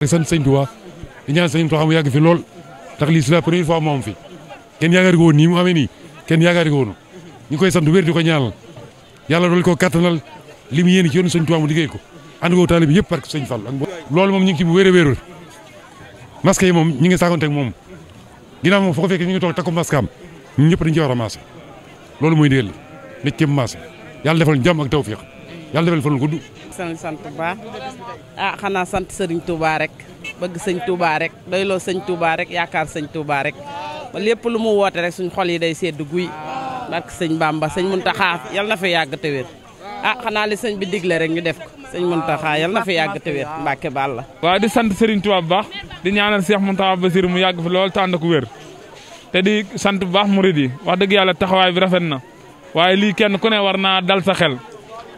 di sant sëñ Tuubaa di ñaan sëñ Tuubaa mu yàgg fi lool ndax lii c'est la première fois mu am fi kenn yaakaar ko woon nii mu amee nii kenn yaakaar ko woon ñu koy sant wér di ko ñaanal yalla dool ko kattanal li mu yéene ci yoonu sëñ Tuubaa mu liggéey ko ànd ko taalib yëpp parce que sëñ Fall loolu moom ñu ngi ci bu wér a wéerul masque yi moom ñu ngi saakonte ak moom ginnaaw moom foo ko fekk ñu ngi toog takku masque am ñun ñëpp dañu ci war a maase loolu mooy ndigal la nit ci maase yàlla defal jàmm ak yàlla defal fan gudd. seen sant bu baax ah xanaa sant Serigne Touba rek bëgg sëñ Touba rek doyloo sëñ Touba rek yaakaar sëñ Touba rek ba lépp lu mu woote rek suñ xol yi day sedd guy barke sëñ mbaam Bamba sëñ Muntaxa yal na fa yàgg te a ah, xanaa li sëñ bi digle rek ñu def ko sëñ Muntaxa yal na fa yàgg te wér Mbàkke baal la. waaw di sant Serigne Touba bu baax di ñaanal Cheikh ba Bassirou mu yàgg fi lool te ànd ak wér te di sant bu baax murid yi wax dëgg yàlla taxawaay bi rafet na waaye lii kenn ku ne war naa dal sa xel.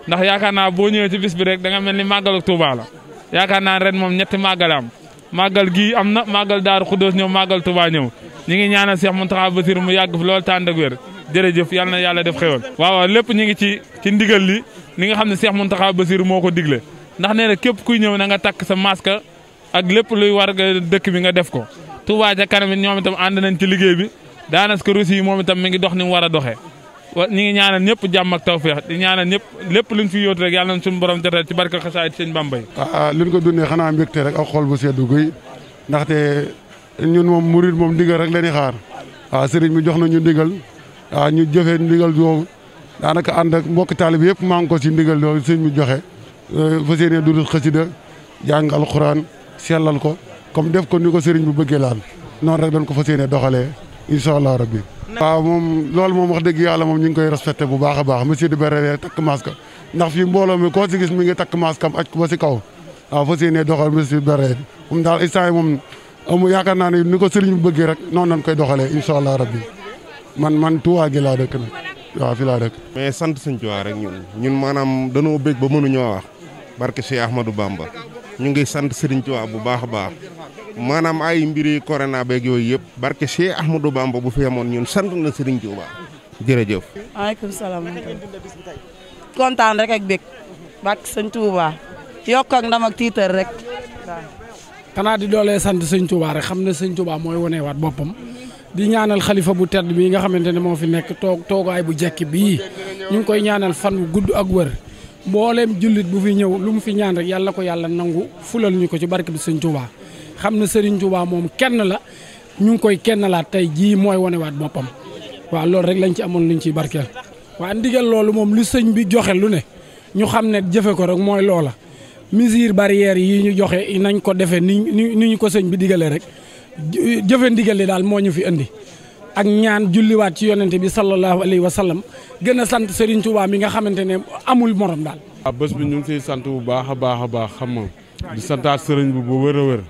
ndax yaakaar naa boo ñëwee ci bis bi rek da mel ni màggalu Touba la yaakaar naa ren moom ñetti màggal am màggal gii am na màggal Daaru Xuddoos ñëw màggal Touba ñëw ñi ngi ñaanal Cheikh Mountakha Bassir mu yàgg fi loolu tànd ak wér jërëjëf yal na yàlla def xéwal waaw waaw lépp ñu ngi ci ci ndigal li li nga xam ne Cheikh Mountakha Bassir moo ko digle ndax nee na képp kuy ñëw na nga takk sa masque ak lépp luy war dëkk bi nga def ko Touba ca kanam it ñoom itam ànd nañ ci liggéey bi daanaka ruus yi moom itam mi ngi dox ni mu war a doxee wa ñu ngi ñaanal ñëpp jàmm ak tawféex di ñaanal ñëpp lépp luñ fi yóotu rek yàlla na suñu borom jotal ci barke xasaayit sëñ Bamba yi. ah, ah li ko dundee xanaa mbégte rek ak xol bu seddu guy ndaxte ñun moom murid moom ndigal rek la ñuy xaar waaw ah, sëriñ bi jox nañu ndigal waaw ah, ñu jëfee ndigal boobu daanaka ànd ak mbokk taalib yëpp maa ngi ko si ndigal loolu sëriñ bi joxe euh, fas yéene dund xasida jàng alxuraan sellal ko comme def ko ni ko sëriñ bi bëggee laal noonu rek dañ ko fas yéene doxalee incha allah waaw moom loolu moom wax dëgg yàlla moom ñu ngi koy respecté bu baax a baax monsieur di béré takk masque ndax fii mbooloo mi koo si gis mi ngi takk masque am aj ko ba si kaw waaw fas yéene doxal monsieur béré moom daal instant yi moom amu yaakaar naa ne ni ko sëriñ bu bëggee rek noon lañ koy doxalee incha allah rabbi man man tuwaa gi laa dëkk nag waaw fi laa dëkk mais sant sëñ Tuubaa rek ñun ñun maanaam danoo bëgg ba mënuñoo wax barke Cheikh baam ba ñu ngi sant Serigne Touba bu baax a baax maanaam ay mbiri corona beeg yooyu yëpp barke Cheikh Ahmadou Bamba bu fi amoon ñun sant na Serigne Touba jërëjëf. maaleykum salaam kontaan rek ak bég barke Sëñ Touba yokk ak ndam ak rek xanaa di doolee sant Sëñ Touba rek xam na Sëñ Touba mooy waat boppam. di ñaanal xalifa bu tedd bii nga xamante ne moo fi nekk toog toogaay bu jekki bii ñu ngi koy ñaanal fan bu gudd ak wër mbooleem jullit bu fi ñëw lu mu fi ñaan rek yàlla ko yàlla nangu fulal ñu ko ci barke bi sëñ Touba xam na sëriñ Touba moom kenn la ñu ngi koy kenn laat tey jii mooy wanewaat boppam waaw loolu rek lañ ci amoon luñ ciy barkeel. waa ndigal loolu moom lu sëñ bi joxe lu ne ñu xam ne jëfe ko rek mooy loola mesure barrière yi ñu joxe nañ ko defee ni ni ñu ko sëñ bi digalee rek jëfe ndigal li daal moo ñu fi indi ak ñaan julliwaat ci yonente bi sallallahu alayhi wa gën a sant sëriñ Touba mi nga xamante ne amul morom daal. waaw ah, bés bi ñu ngi siy sant bu baax a baax a baax xam nga di santaat Serigne bi bu wër a wër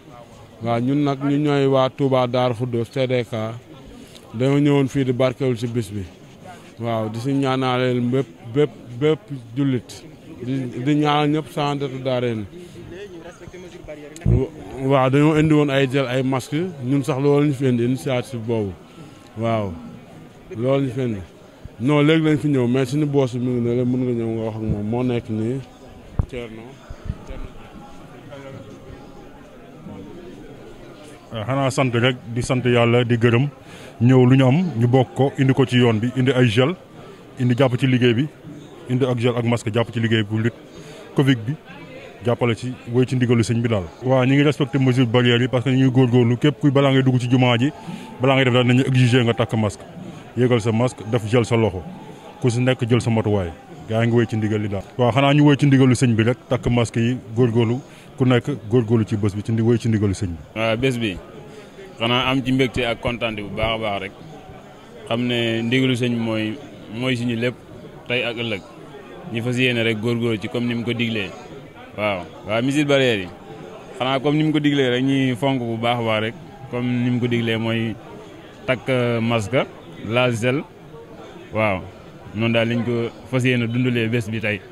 waaw ñun nag ñu ñooy waa Touba Darou Khoudoss CDK dañoo ñëwoon fii di barkewul si bis bi waaw di si ñaanaleel bépp bépp jullit di di ñaanal ñëpp santetu daareen waaw dañoo indi woon ay jël ay masque ñun sax loolu ñu fi indi initiative boobu. waaw loolu ñu fenn non léegi lañ fi ñëw mais suñu boos bi mu ngi ne la mën nga ñëw nga wax ak moom moo nekk nii Thierno euh, xanaa sant rek di sant yàlla di gërëm ñëw lu ñu am ñu bokk ko indi ko ci yoon bi indi ay gel indi jàpp ci liggéey bi indi ak gel ak masque jàpp ci liggéey bu lutte Covid bi jàppale ci woy ci ndigalu sëñ bi daal waaw ñu ngi respecté mesure barrières yi parce que ñu ngi góorgóorlu képp kuy balaa ngay dugg ci jumaa ji balaa ngay def daal nañu exiger nga takk masque yéegal sa masque def jël sa loxo ku si nekk jël sa matuwaay gaa ngi woy ci ndigal li daal waa xanaa ñu woy ci ndigalu sëñ bi rek takk masque yi góorgóorlu ku nekk góorgóorlu ci bés bi ci woy ci ndigalu sëñ bi waaw bés bi xanaa am ci mbégte ak kontaante bu baax a baax rek xam ne ndigalu sëñ bi mooy mooy suñu lépp tey ak ñu fas yéene rek góorgóorlu ci comme ni mu ko diglee waaw waa misil barrière yi xanaa comme ni mu ko diglee rek ñuy fonk bu baax a baax rek comme ni mu ko diglee mooy takk euh, maska la gel waaw noonu daal liñ ko fas yéene dundalee bés bi tey.